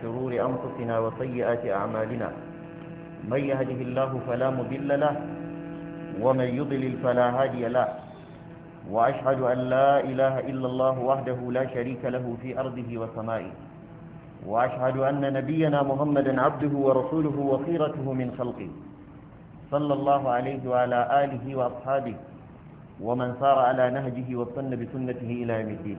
شرور أنفسنا وسيئات أعمالنا من يهده الله فلا مضل له ومن يضلل فلا هادي له وأشهد أن لا إله إلا الله وحده لا شريك له في أرضه وسمائه وأشهد أن نبينا محمدا عبده ورسوله وخيرته من خلقه صلى الله عليه وعلى آله وأصحابه ومن سار على نهجه واستنى بسنته إلى يوم الدين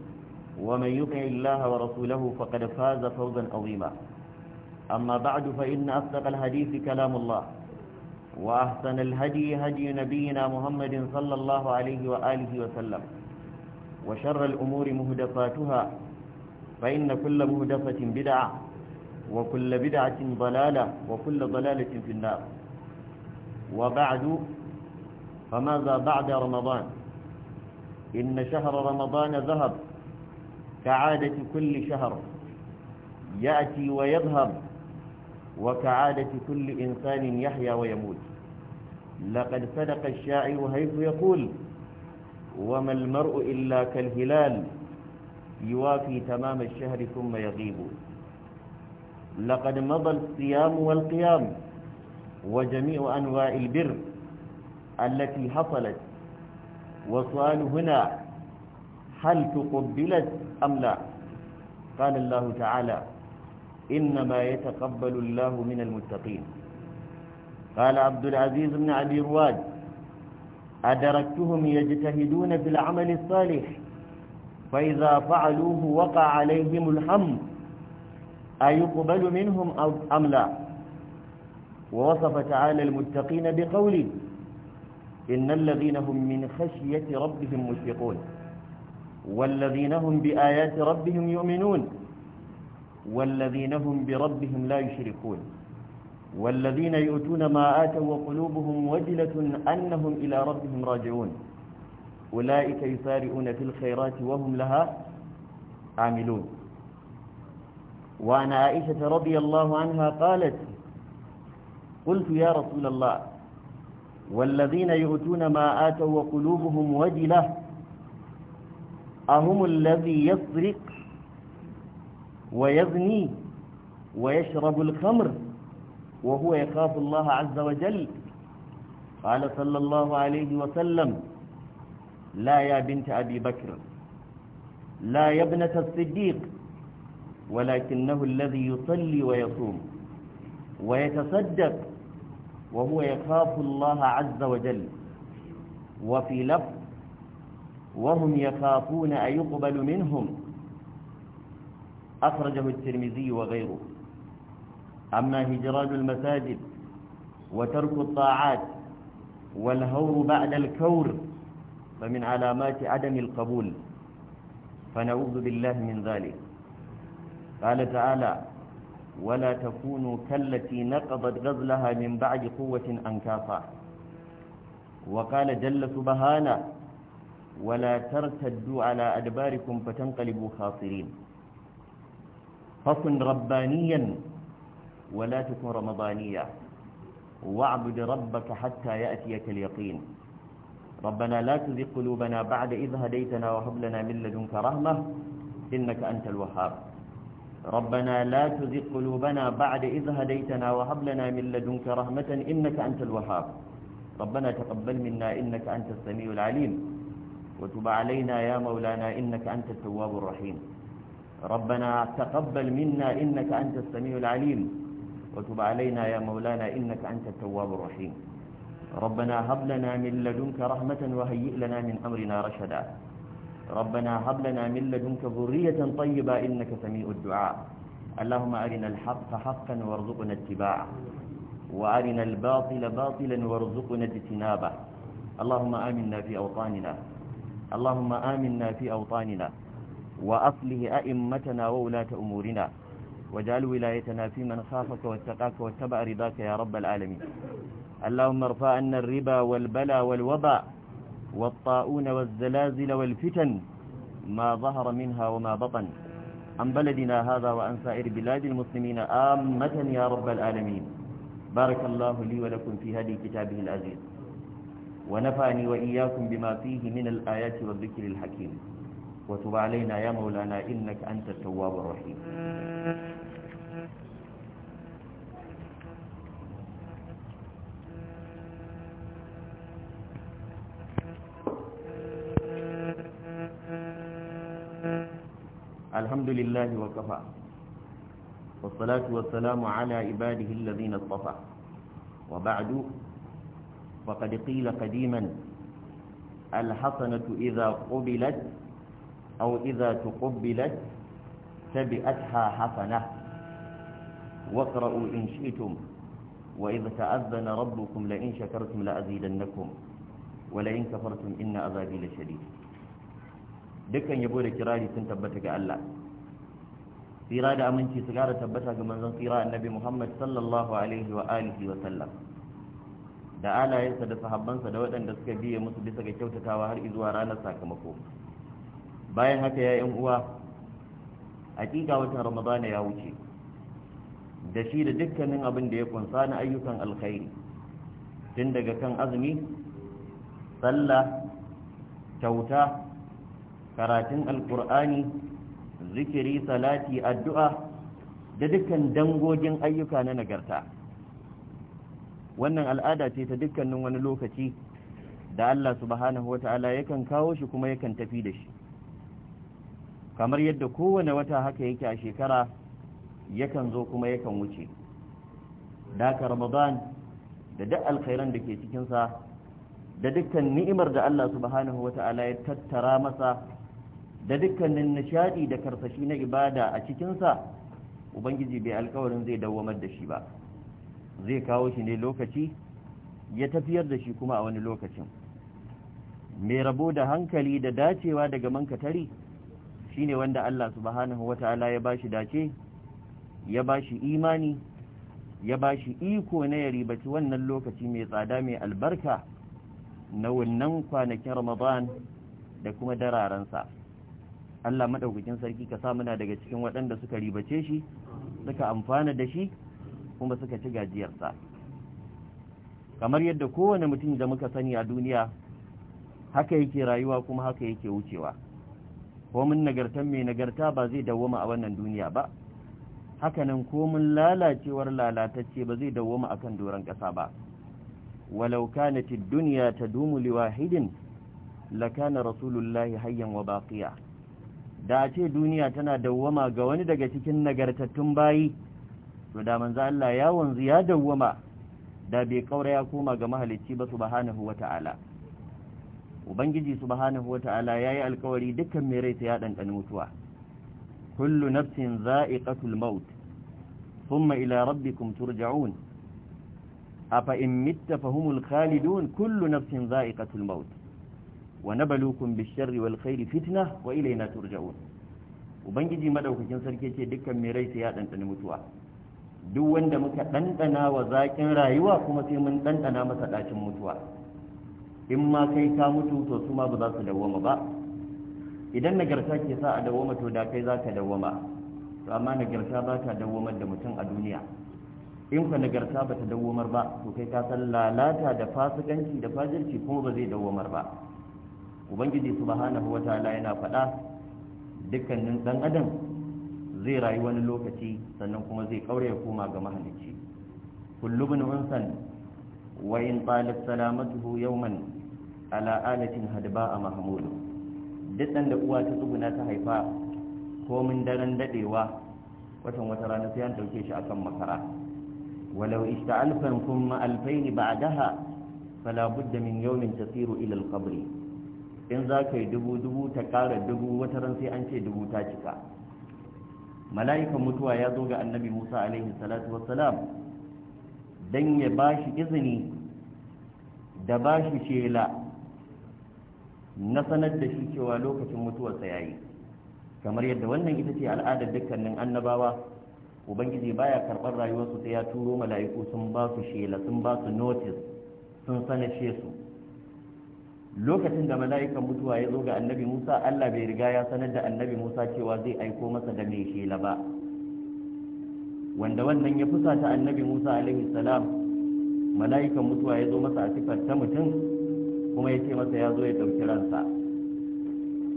ومن يطع الله ورسوله فقد فاز فوزا عظيما أما بعد فإن أصدق الحديث كلام الله وأحسن الهدي هدي نبينا محمد صلى الله عليه وآله وسلم وشر الأمور مهدفاتها فإن كل مهدفة بدعة وكل بدعة ضلالة وكل ضلالة في النار وبعد فماذا بعد رمضان إن شهر رمضان ذهب كعادة كل شهر يأتي ويظهر وكعادة كل إنسان يحيا ويموت لقد صدق الشاعر حيث يقول وما المرء إلا كالهلال يوافي تمام الشهر ثم يغيب لقد مضى الصيام والقيام وجميع أنواع البر التي حصلت وصال هنا هل تقبلت أم لا قال الله تعالى إنما يتقبل الله من المتقين قال عبد العزيز بن عبي رواد أدركتهم يجتهدون في العمل الصالح فإذا فعلوه وقع عليهم الحمد أيقبل منهم أم لا ووصف تعالى المتقين بقوله إن الذين هم من خشية ربهم مشفقون والذين هم بآيات ربهم يؤمنون والذين هم بربهم لا يشركون والذين يؤتون ما آتوا وقلوبهم وجلة أنهم إلى ربهم راجعون أولئك يسارعون في الخيرات وهم لها عاملون وعن عائشة رضي الله عنها قالت قلت يا رسول الله والذين يؤتون ما آتوا وقلوبهم وجلة أهم الذي يسرق ويزني ويشرب الخمر وهو يخاف الله عز وجل قال صلى الله عليه وسلم لا يا بنت أبي بكر لا يا ابنة الصديق ولكنه الذي يصلي ويصوم ويتصدق وهو يخاف الله عز وجل وفي لفظ وهم يخافون أن يقبل منهم أخرجه الترمذي وغيره أما هجران المساجد وترك الطاعات والهور بعد الكور فمن علامات عدم القبول فنعوذ بالله من ذلك قال تعالى ولا تكونوا كالتي نقضت غزلها من بعد قوة أنكافا وقال جل سبحانه ولا ترتدوا على أدباركم فتنقلبوا خاسرين فكن ربانيا ولا تكن رمضانيا واعبد ربك حتى يأتيك اليقين ربنا لا تزغ قلوبنا بعد إذ هديتنا وهب لنا من لدنك رحمة إنك أنت الوهاب ربنا لا تزغ قلوبنا بعد إذ هديتنا وهب لنا من لدنك رحمة إنك أنت الوهاب ربنا تقبل منا إنك أنت السميع العليم وتب علينا يا مولانا إنك أنت التواب الرحيم ربنا تقبل منا إنك أنت السميع العليم وتب علينا يا مولانا إنك أنت التواب الرحيم ربنا هب لنا من لدنك رحمة وهيئ لنا من أمرنا رشدا ربنا هب لنا من لدنك ذرية طيبة إنك سميع الدعاء اللهم أرنا الحق حقا وارزقنا اتباعه وأرنا الباطل باطلا وارزقنا اجتنابه اللهم آمنا في أوطاننا اللهم آمنا في أوطاننا وأصله أئمتنا وولاة أمورنا واجعل ولايتنا في من خافك واتقاك واتبع رضاك يا رب العالمين اللهم ارفع عنا الربا والبلا والوباء والطاعون والزلازل والفتن ما ظهر منها وما بطن عن بلدنا هذا وعن سائر بلاد المسلمين آمة يا رب العالمين بارك الله لي ولكم في هدي كتابه العزيز ونفعني وإياكم بما فيه من الآيات والذكر الحكيم وتب علينا يا مولانا إنك أنت التواب الرحيم الحمد لله وكفى والصلاة والسلام على عباده الذين اصطفى وبعد فقد قيل قديما الحسنة إذا قبلت أو إذا تقبلت تبئتها حسنة واقرأوا إن شئتم وإذا تأذن ربكم لئن شكرتم لأزيدنكم ولئن كفرتم إن عذابي لشديد dukkan yabo da kirari sun tabbata ga Allah tsira da aminci su gara tabbata ga manzon tsira annabi Muhammad sallallahu alaihi wa alihi wa sallam da alayensa da sahabbansa da waɗanda suka biye musu bisa ga kyautatawa har zuwa ranar sakamako bayan haka ya yan uwa hakika watan ramadana ya wuce da shi da dukkanin abin da ya kunsa na ayyukan alkhairi tun daga kan azumi sallah kyauta karatun alkur'ani zikiri salati addu'a da dukkan dangogin ayyuka na nagarta wannan al'ada ce ta dukkanin wani lokaci da Allah subhanahu wata'ala yakan kawo shi kuma yakan tafi da shi kamar yadda kowane wata haka yake a shekara yakan zo kuma yakan wuce ka ramadan da duk alkhairan da ke cikinsa da dukkan ni'imar da Allah subhanahu wata'ala ya tattara masa da dukkanin nishadi da karsashi na ibada a cikinsa ubangiji bai alkawarin zai dawwamar da shi ba zai kawo shi ne lokaci ya tafiyar da shi kuma a wani lokacin mai rabo da hankali da dacewa daga mankatari ne wanda Allah subhanahu wata'ala ya bashi dace ya bashi imani ya ba shi iko na ya ribaci wannan lokaci mai tsada mai albarka na wannan kwanakin Ramadan da kuma dararansa Allah maɗaukakin sarki ka sa muna daga cikin waɗanda suka ribace shi suka amfana da shi kuma suka ci gajiyarsa kamar yadda kowane mutum da muka sani a duniya haka yake rayuwa kuma haka yake wucewa komin nagartan mai nagarta ba zai dawoma a wannan duniya ba hakanan komin lalacewar lalatacce ba zai dawoma a kan doron ƙasa ba walau kanatid duniya ta dumu liwahidin lakana rasulullahi hayyan wa baqiya da ce duniya tana dawwama ga wani daga cikin nagartattun bayi to da manzo Allah ya wanzu ya dawwama da bai kaura ya koma ga mahalicci ba subhanahu wata'ala ubangiji subhanahu wata'ala yayi alkawari dukkan mai rai ta ya dankan mutuwa kullu nafsin za'iqatul maut thumma ila rabbikum turja'un afa in mitta fahumul khalidun kullu nafsin za'iqatul maut wa nabluukum bish-sharri wal khairi fitnah wa ilayna turja'un ubangiji madaukakin sarki ce dukkan mai rai ta ya dankan mutuwa duk wanda muka ɗanɗana wa zaƙin rayuwa kuma sai mun ɗanɗana masa ɗacin mutuwa in ma kai ka mutu to su ma ba za su dawwama ba idan nagarta ke sa a dawwama to da kai za ka dawwama to amma nagarta ba ta dawwamar da mutum a duniya in ka nagarta ba ta dawwamar ba to kai ka san lalata da fasikanci da fajirci kuma ba zai dawwamar ba ubangiji subhanahu wataala yana faɗa dukkanin ɗan adam zai rayu wani lokaci sannan kuma zai kaure ya koma ga mahalicci kullu bin unsan wa in talat salamatuhu yawman ala alatin hadba a mahmud duk da uwa ta tsuguna ta haifa komin daren dadewa watan wata rana sai an dauke shi akan makara walau ista'alfan kuma alfain ba'daha fala budda min yawmin tasiru ila al in za ka yi dubu dubu ta kara dubu wata ran sai an ce dubu ta cika mala'ikan mutuwa ya zo ga annabi musa alaihi salatu salam don ya ba shi izini da ba shi shela na sanar da shi cewa lokacin mutuwarsa ya yi kamar yadda wannan ita ce al'adar dukkanin annabawa ubangiji baya karɓar rayuwarsu sai ya turo mala'iku sun ba su shela sun ba su notice sun sanashe su lokacin da mala'ikan mutuwa ya zo ga annabi musa allah bai riga ya sanar da annabi musa cewa zai aiko masa da mai shela ba wanda wannan ya fusata annabi musa alaihi salam mala'ikan mutuwa ya zo masa a sifar ta mutum kuma ya ce masa ya zo ya ɗauki ransa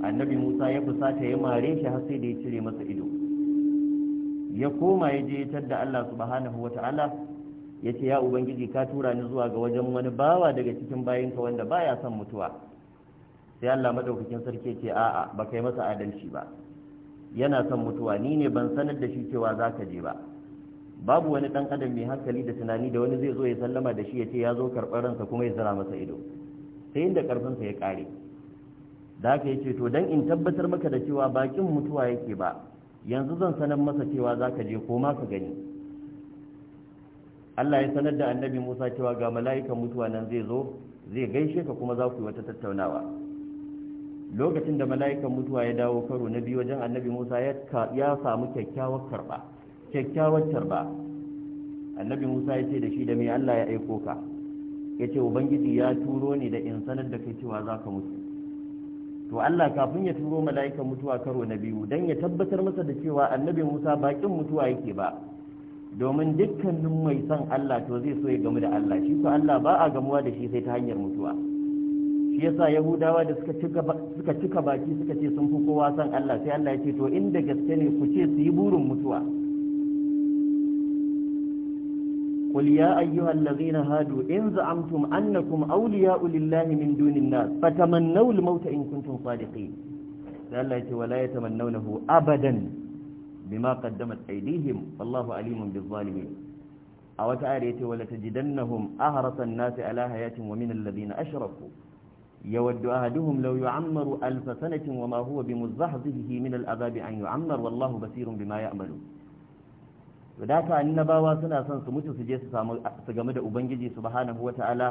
annabi musa ya fusata ya mare shi har sai da ya cire masa ido ya koma ya je ya da allah subhanahu wa ta'ala ya ce ya ubangiji ka tura ni zuwa ga wajen wani bawa daga cikin bayinka wanda baya son mutuwa sai Allah madaukakin sarki ce a'a ba kai masa adalci ba yana son mutuwa ni ne ban sanar da shi cewa za ka je ba babu wani dan adam mai hankali da tunani da wani zai zo ya sallama da shi ya ce ya zo karɓar ransa kuma ya zira masa ido sai inda ƙarfinsa ya kare da haka ya ce to dan in tabbatar maka da cewa bakin mutuwa yake ba yanzu zan sanar masa cewa za ka je ko ma ka gani Allah ya sanar da annabi Musa cewa ga mala'ikan mutuwa nan zai zo zai gaishe ka kuma za ku yi wata tattaunawa lokacin da mala'ikan mutuwa ya dawo karo na biyu wajen annabi Musa ya samu kyakkyawar karba kyakkyawar karba annabi Musa ya ce da shi da me Allah ya aiko ka ya ce ubangiji ya turo ni da in sanar da kai cewa za ka mutu to Allah kafin ya turo mala'ikan mutuwa karo na biyu dan ya tabbatar masa da cewa annabi Musa bakin mutuwa yake ba domin dukkanin mai son Allah to zai so ya gamu da Allah shi ko Allah ba a gamuwa da shi sai ta hanyar mutuwa shi yasa yahudawa da suka cika baki suka ce sun fi kowa son Allah sai Allah ya ce to inda gaske ne ku ce su yi burin mutuwa قل يا أيها الذين هادوا إن زعمتم أنكم أولياء لله من دون الناس فتمنوا الموت إن كنتم صادقين لأن الله ولا يتمنونه أبدا bima qaddamat aydihim wallahu alimun bil zalimin a wata ayar yace wala tajidannahum ahrasan nasi ala hayatin wa min alladhina ashraku yawaddu ahaduhum law yu'ammaru alf sanatin wa ma huwa bimuzahzihi min al'adabi an yu'ammar wallahu basirun bima ya'malun to da ka suna son su mutu su je su game da ubangiji subhanahu wata'ala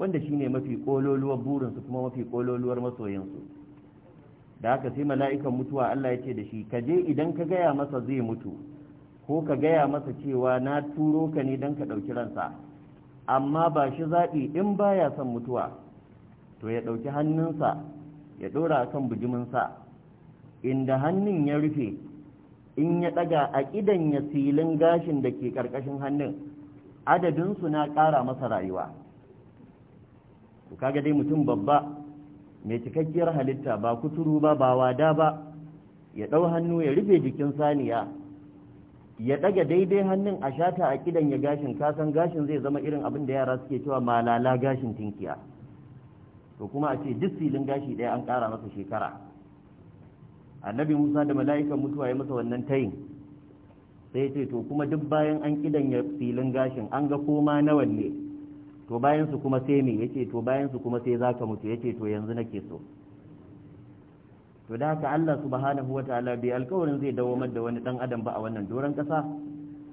wanda shine mafi kololuwar burinsu kuma mafi kololuwar masoyansu da haka sai mala'ikan mutuwa Allah ya ce da shi ka je idan ka gaya masa zai mutu ko ka gaya masa cewa na turo ka ne don ka ɗauki ransa amma ba shi zaɓi in baya son mutuwa to ya ɗauki hannunsa ya ɗora a kan bijiminsa inda hannun ya rufe in ya ɗaga a ƙidan ya silin gashin da ke ƙarƙashin hannun adadinsu na ƙara masa rayuwa kaga dai mutum babba mai cikakkiyar halitta ba kuturu ba ba wada ba ya ɗau hannu ya rufe jikin saniya ya ɗaga daidai hannun a shata a kidan ya gashin kasan gashin zai zama irin abin da yara suke cewa malala gashin tinkiya to kuma a ce duk filin gashi ɗaya an ƙara masa shekara annabi musa da mala'ikan mutuwa ya masa wannan tayin sai ce to kuma duk bayan an kidan ya filin gashin an ga koma nawa ne to bayan su kuma sai me yake to bayan su kuma sai zaka mutu yake to yanzu nake so to da haka Allah subhanahu wataala bai alƙawarin zai dawamar da wani dan adam ba a wannan doran kasa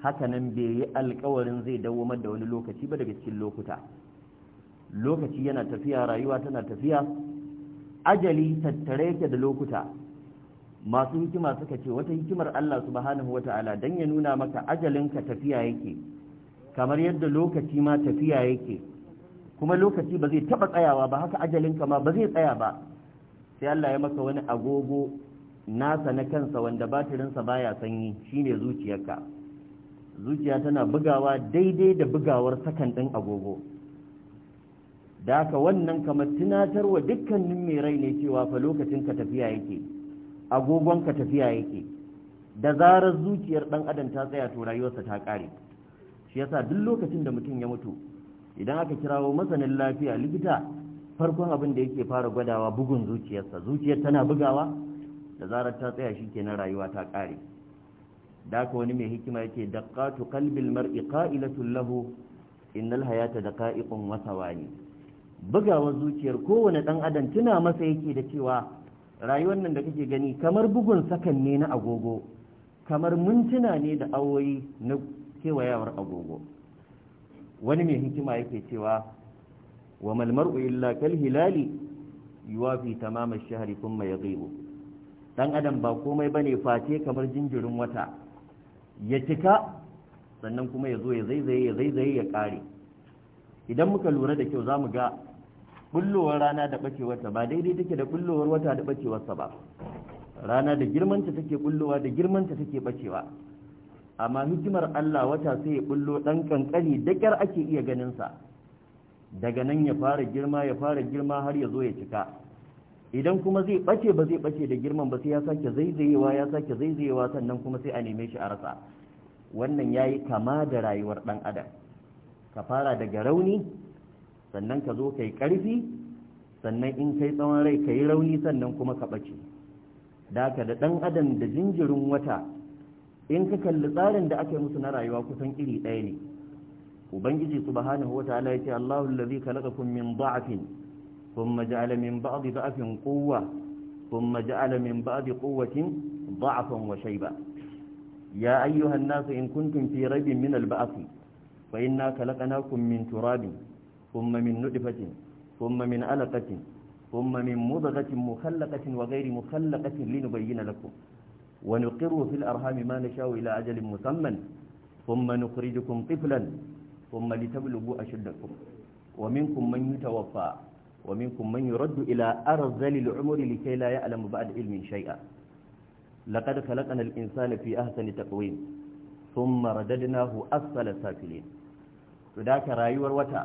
haka nan bai yi alƙawarin zai dawamar da wani lokaci ba daga cikin lokuta lokaci yana tafiya rayuwa tana tafiya ajali tattare yake da lokuta masu hikima suka ce wata hikimar Allah subhanahu wataala dan ya nuna maka ajalin ka tafiya yake kamar yadda lokaci ma tafiya yake kuma lokaci ba zai taba tsayawa ba haka ajalinka ma ba zai tsaya ba sai Allah ya maka wani agogo nasa na kansa wanda batirinsa baya sanyi shine zuciyarka zuciya tana bugawa daidai da bugawar sakan ɗin agogo da haka wannan kamar tunatarwa dukkanin mai rai ne cewa fa lokacin ka tafiya yake agogon ka tafiya yake da zarar zuciyar ɗan adam ta tsaya to rayuwarsa ta ƙare shi yasa duk lokacin da mutum ya mutu idan aka kirawo masanin lafiya likita farkon abin da yake fara gwadawa bugun zuciyarsa zuciyar tana bugawa da zarar ta tsaya shi kenan rayuwa ta kare da ka wani mai hikima yake daqatu qalbil mar'i qa'ilatun lahu innal hayata daqa'iqun wa sawani bugawar zuciyar kowane dan adam tuna masa yake da cewa rayuwar nan da kake gani kamar bugun sakanni na agogo kamar mintuna ne da awoyi na kewayawar agogo wani mai hikima yake cewa wa malmar'u illa kal hilali yuwafi tamama shahri kuma yaghibu dan adam ba komai bane face kamar jinjirin wata ya cika sannan kuma ya zo ya zaizaye ya zaizaye ya kare idan muka lura da kyau zamu ga kullowar rana da bacewarta ba daidai take da kullowar wata da bacewarsa ba rana da girmanta take kullowa da girmanta take bacewa amma hikimar Allah wata sai ya bullo ɗan kankani da kyar ake iya ganin sa daga nan ya fara girma ya fara girma har ya zo ya cika idan kuma zai bace ba zai bace da girman ba sai ya sake zaizayewa ya sake zaizayewa sannan kuma sai a neme shi a rasa wannan yayi kama da rayuwar dan adam ka fara daga rauni sannan ka zo kai karfi sannan in kai tsawon rai kai rauni sannan kuma ka bace da ka da ɗan adam da jinjirin wata in ka kalli tsarin da aka yi musu na rayuwa kusan iri ɗaya ne ubangiji subhanahu wataala yace Allahu allazi khalaqakum min dha'fin thumma ja'ala min ba'di dha'fin quwwa thumma ja'ala min ba'di quwwatin dha'fan wa shayba ya ayyuha an-nasu in kuntum fi raybin min al-ba'th fa inna khalaqnakum min turabin thumma min nutfatin thumma min alaqatin thumma min mudghatin mukhallaqatin wa ghayri mukhallaqatin linubayyana lakum ونقر في الأرحام ما نشاء إلى أجل مسمى ثم نخرجكم طفلا ثم لتبلغوا أشدكم ومنكم من يتوفى ومنكم من يرد إلى أرذل العمر لكي لا يعلم بعد علم شيئا لقد خلقنا الإنسان في أحسن تقويم ثم رددناه أسفل سافلين فذاك رايور وتا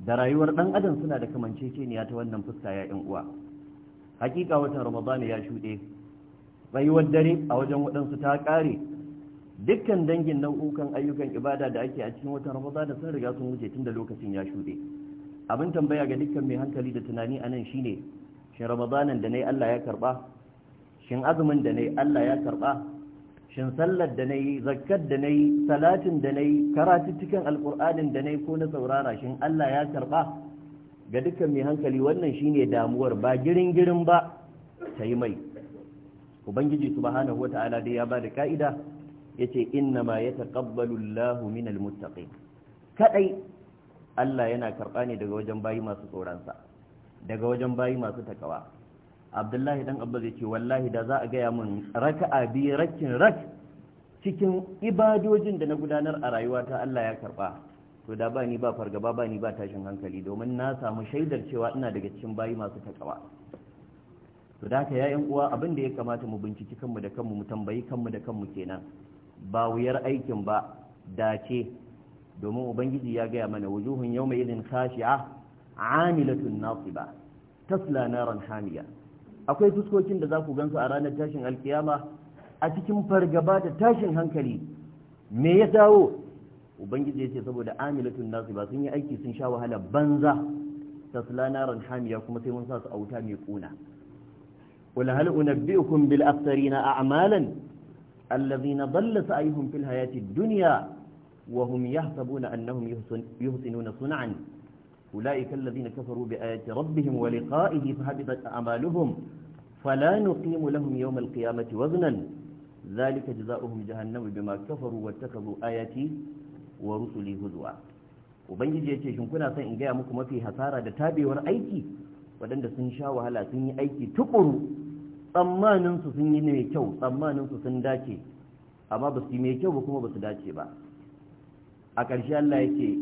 da rayuwar dan adam suna da kamanceceniya ta wannan fuska ya yan uwa hakika watan ramadana ya shuɗe tsayuwar dare a wajen waɗansu ta ƙare dukkan dangin nau'ukan ayyukan ibada da ake a cikin watan ramadan da sun riga sun wuce tun da lokacin ya shuɗe abin tambaya ga dukkan mai hankali da tunani a nan shine shin ramadanan da nayi Allah ya karba shin azumin da nayi Allah ya karba shin sallar da nayi zakkar da nayi salatin da nayi karatuttukan alqur'anin da nayi ko na saurara shin Allah ya karba ga dukkan mai hankali wannan shine damuwar ba girin girin ba yi mai ubangiji subhanahu wata'ala dai ya bada ka'ida yace inna ma yataqabbalu Allahu minal muttaqin kadai Allah yana karba ne daga wajen bayi masu tsoron sa daga wajen bayi masu takawa Abdullahi dan Abba zai ce wallahi da za a gaya mun raka'a bi rakin rak cikin ibadojin da na gudanar a rayuwata Allah ya karba to da ba ni ba fargaba ba ni ba tashin hankali domin na samu shaidar cewa ina daga cikin bayi masu takawa to da haka yayin uwa abin da ya kamata mu binciki kanmu da kanmu mu tambayi kanmu da kanmu kenan ba wuyar aikin ba dace domin ubangiji ya gaya mana wujuhun yawma idin khashi'a amilatun nasiba tasla naran hamiya akwai fuskokin da za ku gansu a ranar tashin alkiyama a cikin fargaba da tashin hankali me ya dawo ubangiji ya ce saboda amilatun nasiba sun yi aiki sun sha wahala banza tasla naran hamiya kuma sai mun sa su a wuta mai kuna قل هل أنبئكم بالأخسرين أعمالا الذين ضل سعيهم في الحياة الدنيا وهم يحسبون أنهم يحسنون صنعا أولئك الذين كفروا بآيات ربهم ولقائه فحبطت أعمالهم فلا نقيم لهم يوم القيامة وزنا ذلك جزاؤهم جهنم بما كفروا واتخذوا آياتي ورسلي هزوا وبنجي يتشن كنا سنجا مكما في تابي ورأيتي waɗanda sun sha wahala sun yi aiki tukuru Tsammaninsu su sun yi mai kyau tsammanin su sun dace amma ba su yi mai kyau ba kuma ba su dace ba a ƙarshe Allah yake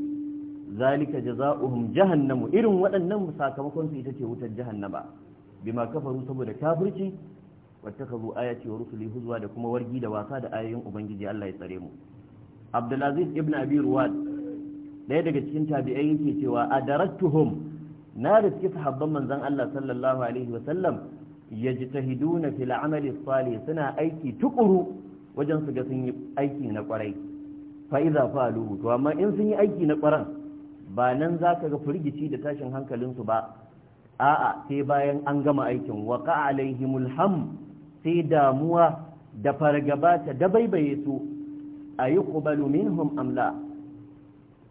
zalika jaza'uhum jahannamu irin waɗannan sakamakon su ita ce wutar jahannama bima kafaru saboda kafirci wattakazu ayati wa rusuli huzwa da kuma wargi da wasa da ayoyin ubangiji Allah ya tsare mu Abdulaziz ibn Abi Ruwad ɗaya daga cikin tabi'ai yake cewa adarattuhum na riski sahabban manzon Allah sallallahu alaihi wa sallam yajtahiduna fil amali salih suna aiki tukuru wajen su ga sun yi aiki na kwarai fa'iza idza faluhu to amma in sun yi aiki na kwaran ba nan zaka ga firgici da tashin hankalin su ba a'a sai bayan an gama aikin waka alaihimul ham sai damuwa da fargaba ta dabaibaye su a yi ƙubalu minhum amla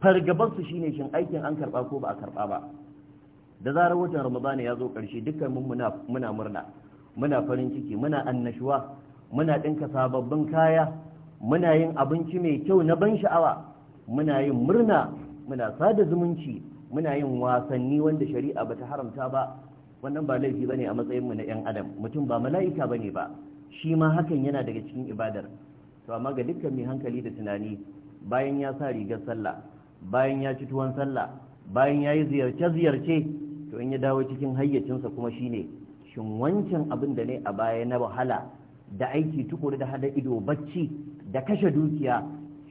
fargabarsu shine shin aikin an karba ko ba a karɓa ba da zarar watan ramadana ya zo ƙarshe dukkan mun muna murna muna farin ciki muna annashuwa muna ɗinka sababbin kaya muna yin abinci mai kyau na ban sha'awa muna yin murna muna sada zumunci muna yin wasanni wanda shari'a bata haramta ba wannan ba laifi bane a matsayinmu na 'yan adam mutum ba mala'ika ne ba shi ma hakan yana daga cikin ibadar to amma ga dukkan mai hankali da tunani bayan ya sa rigar sallah bayan ya ci tuwon sallah bayan ya yi ziyarce-ziyarce to in ya dawo cikin hayyacinsa kuma shine shin wancan abin da ne a baya na wahala da aiki tukuru da hada ido bacci da kashe dukiya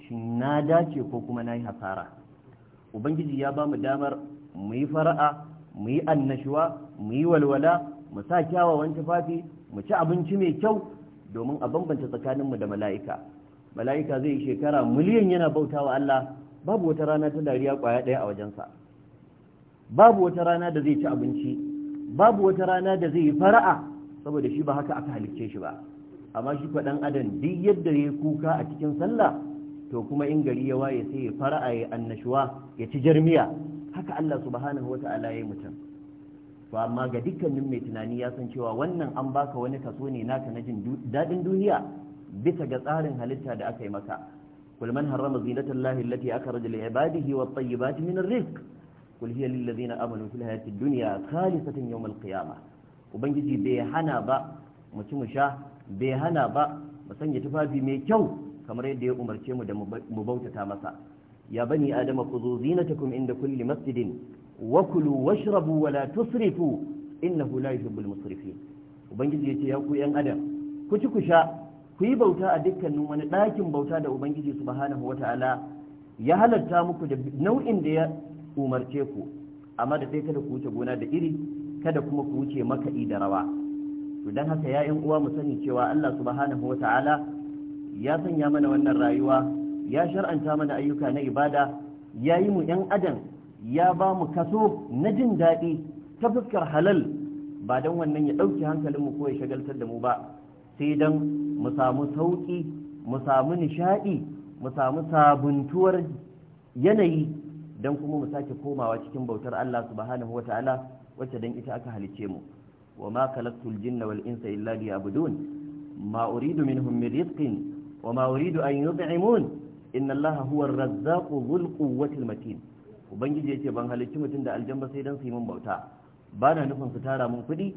shin na dace ko kuma na yi hasara ubangiji ya ba mu damar mu yi fara'a mu yi annashuwa mu yi walwala mu sa kyawawan tufafi mu ci abinci mai kyau domin a bambanta tsakaninmu da mala'ika mala'ika zai yi shekara miliyan yana bautawa Allah babu wata rana ta dariya kwaya ɗaya a wajensa babu wata rana da zai ci abinci babu wata rana da zai yi fara'a saboda shi ba haka aka halicce shi ba amma shi kwaɗan adam duk yadda ya kuka a cikin sallah to kuma in gari ya waye sai ya fara'a ya annashuwa ya ci jarmiya haka Allah subhanahu wa ta'ala ya yi mutum to amma ga dukkanin mai tunani ya san cewa wannan an baka wani kaso ne naka na jin daɗin duniya bisa ga tsarin halitta da aka yi maka kul man harrama zinatallahi allati akhraja li ibadihi wat tayyibati min rizq kul hiya lil ladina amanu fil hayati dunya khalisatan yawm al qiyamah ubangiji bai hana ba mu ci mu sha bai hana ba mu tufafi mai kyau kamar yadda ya umarce mu da mu bautata masa ya bani adama khudhu zinatakum inda kulli masjidin wa kulu washrabu wa la tusrifu innahu la yuhibbul musrifin ubangiji yace ya ku yan adam ku ci ku sha ku yi bauta a dukkanin wani ɗakin bauta da ubangiji subhanahu wata'ala ya halatta muku da nau'in da ya umarce ku amma da sai kada ku wuce gona da iri kada kuma ku wuce makaɗi da rawa to don haka ya yan uwa mu sani cewa Allah subhanahu wata'ala ya sanya mana wannan rayuwa ya shar'anta mana ayyuka na ibada ya yi mu yan adam ya ba mu kaso na jin daɗi ta fuskar halal ba don wannan ya ɗauke mu ko ya shagaltar da mu ba sai don mu samu sauƙi mu samu nishaɗi mu samu sabuntuwar yanayi dan kuma mu sake komawa cikin bautar Allah subhanahu ta'ala wacce dan ita aka halice mu wa ma khalaqtul jinna wal insa illa liya'budun ma uridu minhum min rizqin wa ma uridu an yut'imun inna allaha huwa ar-razzaqu dhul quwwati matin ubangiji yace ban halicci mutum da aljanna sai dan su yi mun bauta bana nufin su tara mun kuɗi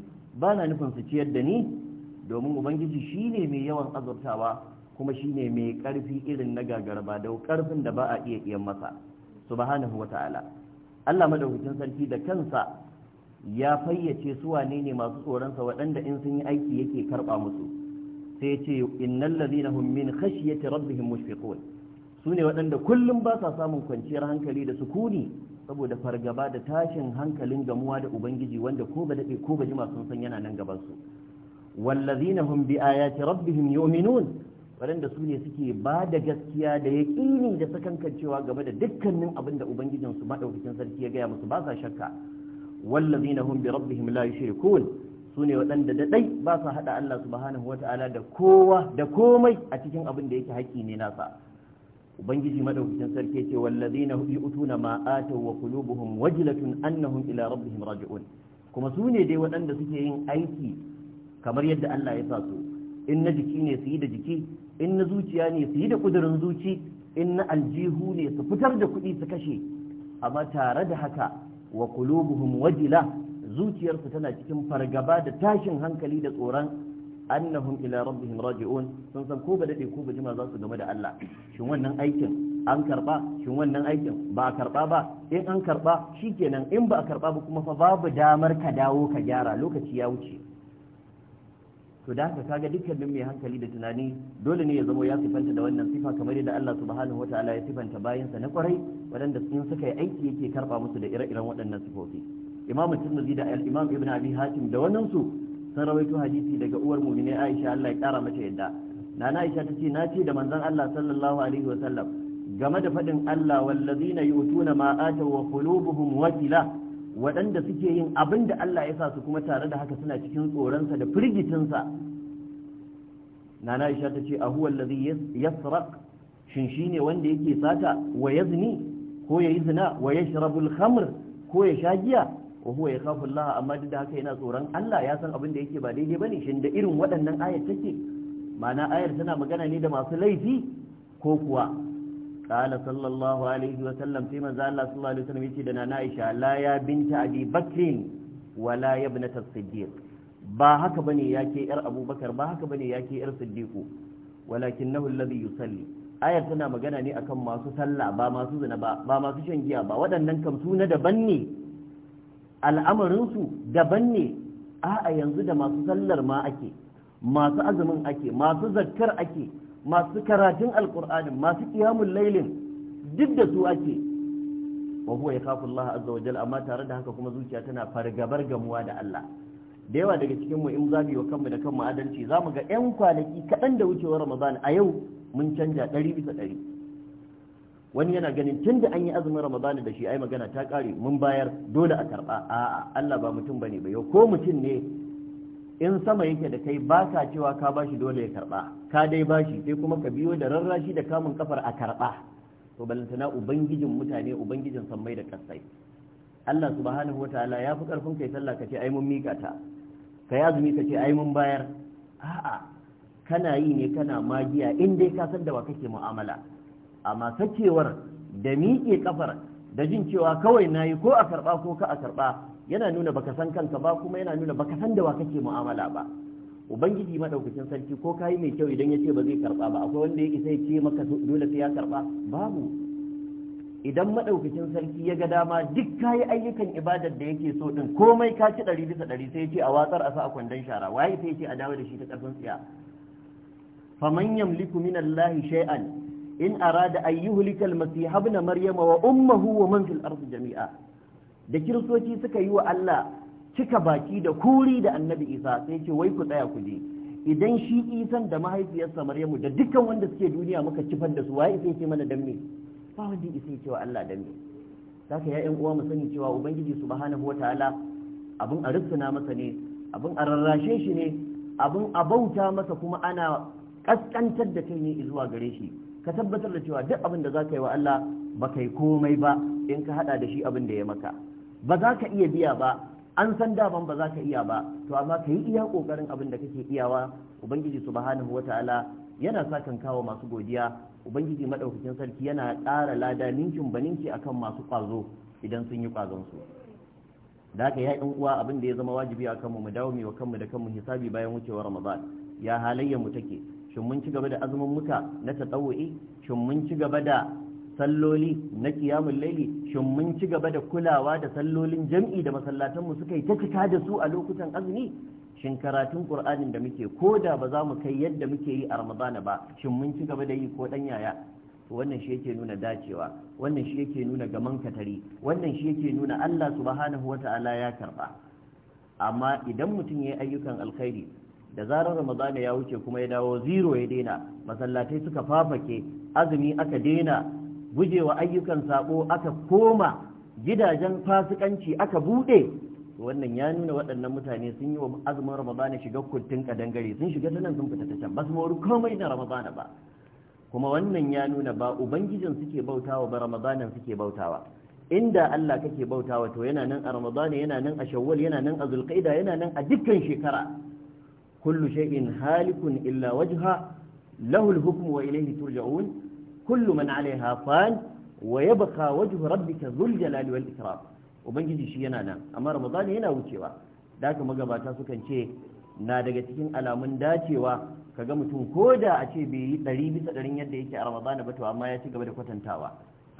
bana nufin su ciyar da ni domin ubangiji shine mai yawan azurtawa kuma shine mai karfi irin na gagara dau da karfin da ba a iya iyan masa subhanahu wata'ala Allah madaukakin sarki da kansa ya fayyace su wane ne masu tsoronsa waɗanda in sun yi aiki yake karɓa musu sai ce innal ladina hum min khashyati rabbihim mushfiqun su ne waɗanda kullum ba sa samun kwanciyar hankali da sukuni saboda fargaba da tashin hankalin gamuwa da ubangiji wanda ko ba daɗe ko ba jima sun san yana nan gaban su wallazina hum bi ayati rabbihim yu'minun waɗanda su ne suke ba da gaskiya da yaƙini da sakankancewa game da dukkanin abin da ubangijinsu maɗaukakin sarki ya gaya musu ba sa shakka wallazi na hun bi rabbihim la yushrikun su ne waɗanda da ba sa haɗa Allah subhanahu Ta'ala da kowa da komai a cikin abin da yake haƙƙi ne nasa ubangiji madaukakin sarki ce wallazina yu'tuna ma ataw wa qulubuhum wajlatun annahum ila rabbihim raji'un kuma su ne dai waɗanda suke yin aiki kamar yadda Allah ya sa su in na jiki ne su yi da jiki in na zuciya ne su yi da kudurin zuci in na aljihu ne su fitar da kuɗi su kashe amma tare da haka wa qulubuhum wajila zuciyarsu tana cikin fargaba da tashin hankali da tsoron annahum ila rabbihim raji'un sun san ko ba dade ko ba jima za su game da Allah shin wannan aikin an karba shin wannan aikin ba a karba ba in an karba shikenan in ba a karba ba kuma fa babu damar ka dawo ka gyara lokaci ya wuce to da haka kaga dukkanin mai hankali da tunani dole ne ya zamo ya sifanta da wannan sifa kamar yadda Allah subhanahu wataala ya sifanta bayansa na kwarai waɗanda sun suka yi aiki yake karba musu da ire-iren waɗannan sifofi imam tirmidhi da al-imam ibn abi hatim da wannan su sun rawaito hadisi daga uwar mu'mini Aisha Allah ya kara mata yadda nana Aisha tace na ce da manzon Allah sallallahu alaihi wa sallam game da fadin Allah wallazina yu'tuna ma ataw wa qulubuhum wakila waɗanda suke yin abin da Allah ya sa su kuma tare da haka suna cikin tsoronsa da firgitinsa nana isha ta ce a huwa allazi yasraq shin ne wanda yake sata wa zini ko yi zina wa shirabul khamr ko ya sha giya wa huwa kafu Allah amma duk da haka yana tsoron Allah ya san abin da yake ba daidai bane shin da irin waɗannan ayar take ma'ana ayar tana magana ne da masu laifi ko kuwa قال صلى الله عليه وسلم فيما زال الله صلى الله عليه وسلم يتي دنا عائشة لا يا بنت أبي بكر ولا يا ابنة الصديق با هكا بني ياكي إر أبو بكر با هكا بني ياكي إر صديق ولكنه الذي يصلي ayar tana magana ne akan masu sallah ba masu zina ba ba masu shan giya ba waɗannan kam su na daban ne al'amarinsu daban ne a'a yanzu da masu sallar ma ake masu azumin masu zakkar ake masu karatun alkur'anin masu kiyamun lailin duk da su ake wa huwa kafin Allah azza wa amma tare da haka kuma zuciya tana fargabar gamuwa da Allah da yawa daga cikin mu in za mu yi wa kanmu da kanmu adalci za mu ga 'yan kwanaki kaɗan da wucewa ramadan a yau mun canja ɗari bisa ɗari wani yana ganin tun da an yi azumin ramadan da shi ai magana ta ƙare mun bayar dole a karɓa a'a Allah ba mutum bane ba yau ko mutum ne in sama yake da kai ba ka cewa ka bashi dole ya karɓa, ka dai bashi sai kuma ka biyo da rarrashi da kamun kafar a karɓa. to balantana ubangijin mutane ubangijin sammai da kasai Allah subhanahu wataala ya fi karfin kai sallah ka ce ai mun mika ta ka azumi ka ce ai mun bayar a'a kana yi ne kana magiya in dai ka san da wa kake mu'amala amma sakewar da miƙe kafar da jin cewa kawai nayi ko a karba ko ka a karba yana nuna baka san kanka ba kuma yana nuna baka san da wa kake mu'amala ba ubangiji madaukakin sarki ko kayi mai kyau idan ya ce ba zai karba ba akwai wanda ya isa ya ce maka dole sai ya karba babu idan madaukakin sarki ya ga dama duk kayi ayyukan ibadar da yake so din komai ka ci ɗari bisa ɗari sai ya ce a watsar asa a kwandon shara waye sai ya ce a dawo da shi ta ƙarfin tsiya faman yamliku min Allah shay'an in arada an yuhlika al-masih ibn maryama wa ummuhu wa man fil ardi jami'a da kiristoci suka yi wa Allah cika baki da kuri da annabi isa sai ce wai ku tsaya ku je idan shi isan da mahaifiyarsa maryamu da dukkan wanda suke duniya muka cifar da su waye sai ce mana dan me ba wanda isa cewa Allah dan me saka ya uwa mu sani cewa ubangiji subhanahu wataala abin a rissuna masa ne abin a rarrashe shi ne abin a bauta masa kuma ana kaskantar da kai ne zuwa gare shi ka tabbatar da cewa duk abin da za ka yi wa Allah ba kai komai ba in ka hada da shi abin da ya maka ba za ka iya biya ba an san daban ba za ka iya ba to amma ka yi iya kokarin abin da kake iyawa ubangiji subhanahu wataala yana sa kan kawo masu godiya ubangiji madaukakin sarki yana ƙara lada ninkin baninki akan masu ƙwazo idan sun yi kwazon su da haka ya ɗan uwa abin da ya zama wajibi a kanmu mu dawo wa kanmu da kanmu hisabi bayan wucewar ramadan ya halayyar mu take shin mun ci gaba da azumin muka na tatawu'i shin mun ci gaba da salloli na kiyamun laili shin mun ci gaba da kulawa da sallolin jam'i da masallatanmu suka yi ta cika da su a lokutan azumi shin karatun qur'anin da muke ko da ba za mu kai yadda muke yi a ramadana ba shin mun ci gaba da yi ko dan yaya wannan shi yake nuna dacewa wannan shi yake nuna gaman katari wannan shi yake nuna Allah subhanahu wata'ala ya karba amma idan mutum ya yi ayyukan alkhairi da zarar ramadana ya wuce kuma ya dawo zero ya daina masallatai suka fafake azumi aka daina gujewa ayyukan sabo aka koma gidajen fasikanci aka buɗe? wannan ya nuna waɗannan mutane sun yi wa azumin ramadana shiga kurtin kadangare sun shiga ta nan sun fita ta can ba su mawar komai na ramadana ba kuma wannan ya nuna ba ubangijin suke bautawa ba ramadanan suke bautawa inda Allah kake bautawa to yana nan a ramadana yana nan a shawwal yana nan a zulqaida yana nan a dukkan shekara kullu shay'in halikun illa wajha lahu al-hukmu wa ilayhi turja'un kullu man alaiha fan wa yabqa wajhu rabbika dhul jalali wal ikram ubangiji shi yana nan amma ramadan yana wucewa da haka magabata sukan ce na daga cikin alamun dacewa kaga mutum ko da a ce bai yi ɗari bisa ɗarin yadda yake a ramadana ba to amma ya ci gaba da kwatantawa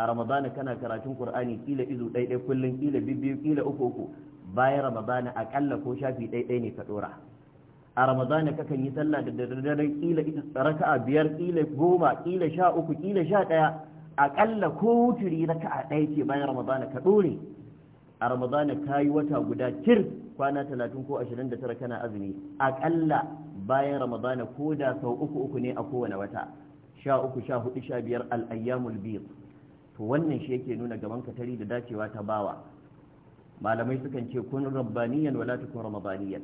a ramadana kana karatun Kur'ani kila izu ɗaiɗai kullum kila biyu kila uku uku bayan ramadana akalla ko shafi ɗaiɗai ne ka ɗora a ramadana kakan yi sallah da daddare kila raka'a biyar kila goma kila sha uku kila sha ɗaya aƙalla ko wuturi raka'a ɗaya ce bayan ramadana ka ɗore a ramadana ka yi wata guda kir kwana talatin ko ashirin da tara kana azumi aƙalla bayan ramadana ko da sau uku uku ne a kowane wata sha uku sha hudu sha biyar al'ayyamul biyu to wannan shi yake nuna gaban katari da dacewa ta bawa malamai sukan ce kun rabbaniyan wala tukun ramadaniyan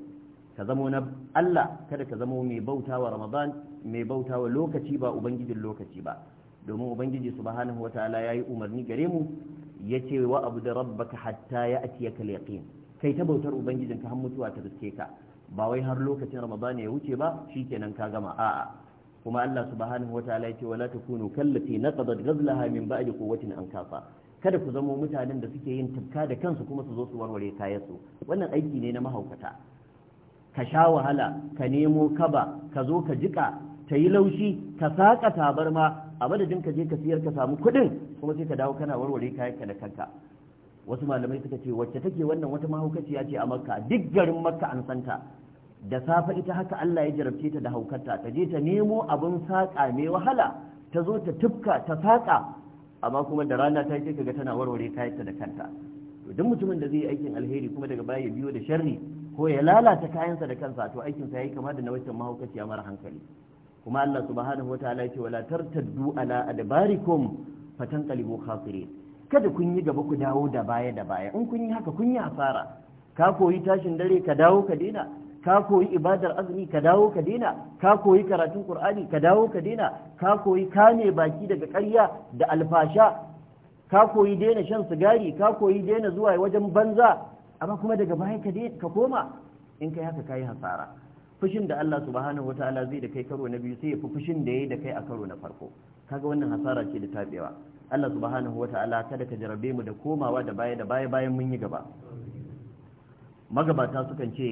ka zamo na Allah kada ka zamo mai bautawa Ramadan mai bautawa lokaci ba ubangijin lokaci ba domin ubangiji subhanahu wataala yayi umarni gare mu yace wa abuda rabbaka hatta ya'tiyaka al-yaqin kai ta bautar ubangijin ka har mutuwa ta riske ka ba wai har lokacin Ramadan ya wuce ba shikenan ka gama a'a kuma Allah subhanahu wataala yace wala takunu kallati naqadat ghazlaha min ba'di quwwatin ankafa kada ku zamo mutanen da suke yin tafka da kansu kuma su zo su warware kayansu wannan aiki ne na mahaukata ka sha wahala ka nemo kaba ka zo ka jika ta yi laushi ka saka tabarma a madadin ka je ka siyar ka samu kuɗin kuma sai ka dawo kana warware kayanka da kanka wasu malamai suka ce wacce take wannan wata mahaukaciya ce a makka duk garin makka an santa da safe ita haka Allah ya jarabce ta da haukarta ta je ta nemo abin saƙa mai wahala ta zo ta tufka ta saƙa amma kuma da rana ta je kaga tana warware kayanta da kanta to duk mutumin da zai yi aikin alheri kuma daga baya biyo da sharri ko ya lalata kayansa da kansa to aikinsa yayi kama da na waccan mahaukaciya mara hankali kuma Allah subhanahu wataala ya ce wala tartaddu ala adbarikum fatanqalibu khasirin kada kun yi gaba ku dawo da baya da baya in kun yi haka kun yi asara ka koyi tashin dare ka dawo ka daina? ka koyi ibadar azumi ka dawo ka daina? ka koyi karatun qur'ani ka dawo ka daina? ka koyi kame baki daga ƙarya da alfasha ka koyi daina shan sigari ka koyi daina zuwa wajen banza amma kuma daga baya ka dai ka koma in kai haka kayi hasara fushin da Allah subhanahu wataala zai da kai karo na biyu sai ya fi fushin da yayi da kai a karo na farko kaga wannan hasara ce da tabewa Allah subhanahu wataala kada ka jarabe mu da komawa da baya da baya bayan mun yi gaba magabata sukan ce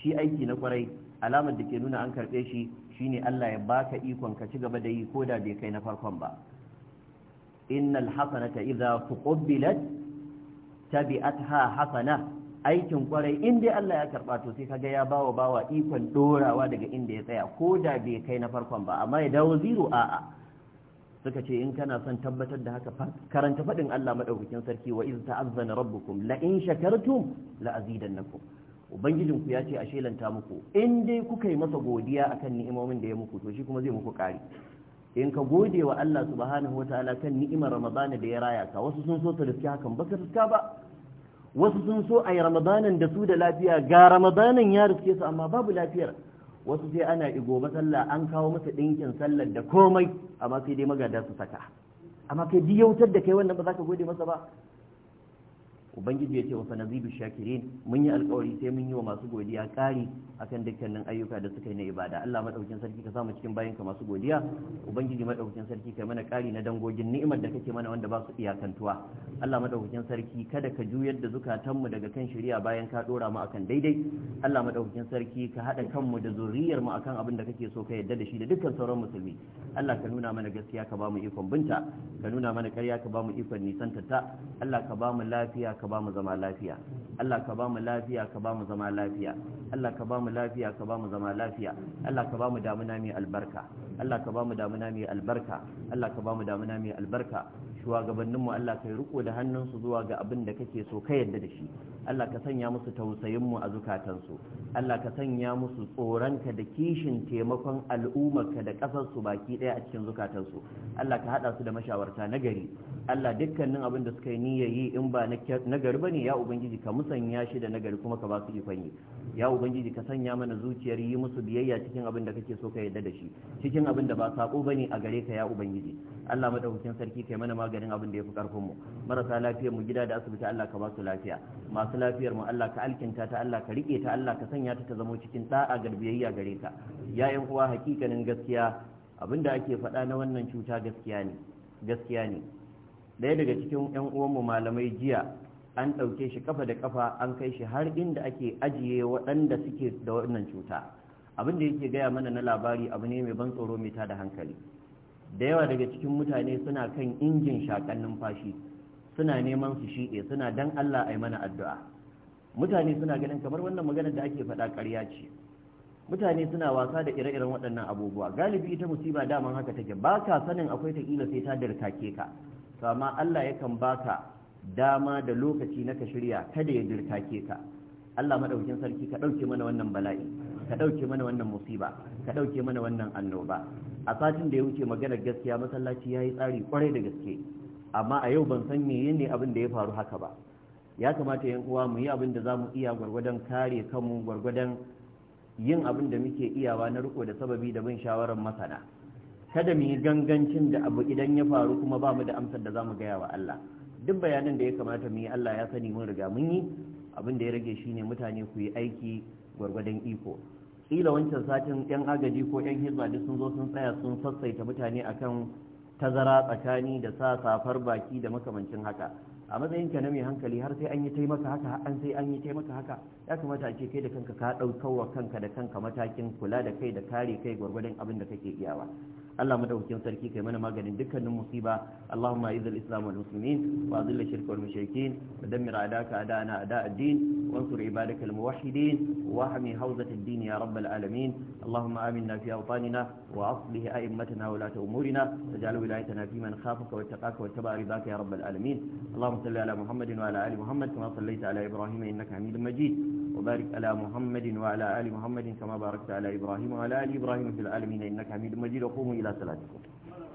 shi aiki na kwarai alamar da ke nuna an karɓe shi shine Allah ya baka ikon ka ci gaba da yi ko da bai kai na farkon ba innal hasanata idza tuqbilat tabi'atha hasana aikin kwarai in dai Allah ya karɓa to sai kaga ya bawa bawa ikon dorawa daga inda ya tsaya ko da bai kai na farkon ba amma ya dawo zero a'a suka ce in kana son tabbatar da haka karanta fadin Allah madaukakin sarki wa iz ta'azzana rabbukum la in shakartum la azidannakum ubangijin ku ya ce a shelanta muku in dai kuka yi masa godiya akan ni'imomin da ya muku to shi kuma zai muku kari in ka gode wa Allah subhanahu wataala kan ni'imar Ramadana da ya raya ka wasu sun so su riske hakan ba ka riska ba wasu sun so a yi ramadanan da su da lafiya ga ramadanan ya riske su amma babu lafiyar wasu sai ana igo sallah an kawo masa ɗinkin sallar da komai amma sai dai magada su saka amma kai biyautar da kai wannan ba za ka gode masa ba ubangiji ya ce wa sanazibu shakirin mun yi alkawari sai mun yi wa masu godiya kari akan dukkanin ayyuka da suka yi na ibada Allah madaukakin sarki ka samu cikin bayanka masu godiya ubangiji madaukakin sarki kai mana kari na dangogin ni'imar da kake mana wanda ba su iyakantuwa Allah madaukakin sarki kada ka juyar da zukatanmu daga kan shari'a bayan ka dora mu akan daidai Allah madaukakin sarki ka haɗa kanmu da zuriyar mu akan abin da kake so ka yarda da shi da dukkan sauran musulmi Allah ka nuna mana gaskiya ka ba mu ikon binta ka nuna mana ƙarya ka ba mu ikon nisantata Allah ka ba mu lafiya ka ba mu zama lafiya Allah ka ba mu lafiya ka ba mu zama lafiya Allah ka ba mu lafiya ka ba mu zama lafiya Allah ka ba mu damuna mai albarka Allah ka ba mu damuna mai albarka Allah ka ba mu damuna mai albarka shugabanninmu Allah kai riko da hannunsu zuwa ga abin da kake so ka yarda da shi Allah ka sanya musu tausayinmu a zukatansu Allah ka sanya musu tsoronka da kishin taimakon al'ummarka da ƙasarsu baki ɗaya a cikin zukatansu Allah ka haɗa su da mashawarta nagari. Allah dukkanin abin da suka yi yi in ba na nagari bane ya ubangiji ka musanya shi da nagari kuma ka ba su ikon yi ya ubangiji ka sanya mana zuciyar yi musu biyayya cikin abin da kake so ka yarda da shi cikin abin da ba sako bane a gare ka ya ubangiji Allah madaukakin sarki kai mana maganin abin da yafi karfin mu marasa lafiyar mu gida da asibiti Allah ka ba su lafiya masu lafiyar mu Allah ka alkinta ta Allah ka rike ta Allah ka sanya ta ta zama cikin da'a biyayya gare ka ya yan uwa hakikanin gaskiya abinda ake faɗa na wannan cuta gaskiya ne gaskiya ne daya daga cikin yan uwanmu malamai jiya an ɗauke shi kafa da kafa an kai shi har inda ake ajiye waɗanda suke da wannan cuta abin da yake gaya mana na labari abu ne mai ban tsoro mai tada hankali da yawa daga cikin mutane suna kan injin shakan numfashi suna neman su shiɗe suna dan Allah ai mana addu'a mutane suna ganin kamar wannan magana da ake faɗa ƙarya ce mutane suna wasa da ire-iren waɗannan abubuwa galibi ita musiba daman haka take ba ka sanin akwai ta kila sai ta dirkake ka to amma Allah yakan baka dama da lokaci na ka shirya kada ya dirtake ka Allah madaukin sarki ka dauke mana wannan bala'i ka dauke mana wannan musiba ka dauke mana wannan annoba a satin da ya wuce maganar gaskiya masallaci yayi tsari kwarai da gaske amma a yau ban san ne abin da ya faru haka ba ya kamata yan uwa mu yi abin da zamu iya gwargwadon kare kanmu gwargwadon yin abin da muke iyawa na riko da sababi da bin shawarar masana kada mu yi gangancin da abu idan ya faru kuma ba mu da amsar da zamu gaya wa Allah duk bayanan da ya kamata mu yi Allah ya sani mun riga mun yi abin da ya rage shine mutane ku yi aiki gwargwadon iko kila wancan satin yan agaji ko yan hizba duk sun zo sun tsaya sun sassaita mutane akan tazara tsakani da sa safar baki da makamancin haka a matsayin ka na mai hankali har sai an yi taimaka haka an sai an yi taimaka haka ya kamata a ce kai da kanka ka ɗaukawa kanka da kanka matakin kula da kai da kare kai gwargwadon abin da kake iyawa Allah madaukakin sarki kai mana maganin dukkanin musiba Allahumma izil islam wal muslimin wa azil shirka wal mushrikin wa dammir adaka adana ada ad-din wa ansur ibadakal muwahhidin wa hami hawzat ad-din ya rabbal alamin Allahumma aminna fi awtanina wa aslih a'immatana wa lata umurina waj'al wilayatana fi man khafaka wattaqaka wattaba ridaka ya rabbal alamin Allahumma salli ala Muhammadin wa ala ali Muhammad kama sallaita ala Ibrahim innaka Hamidum Majid وبارك على محمد وعلى آل محمد كما باركت على إبراهيم وعلى آل إبراهيم في العالمين إنك حميد مجيد وقوموا اللہ تعالا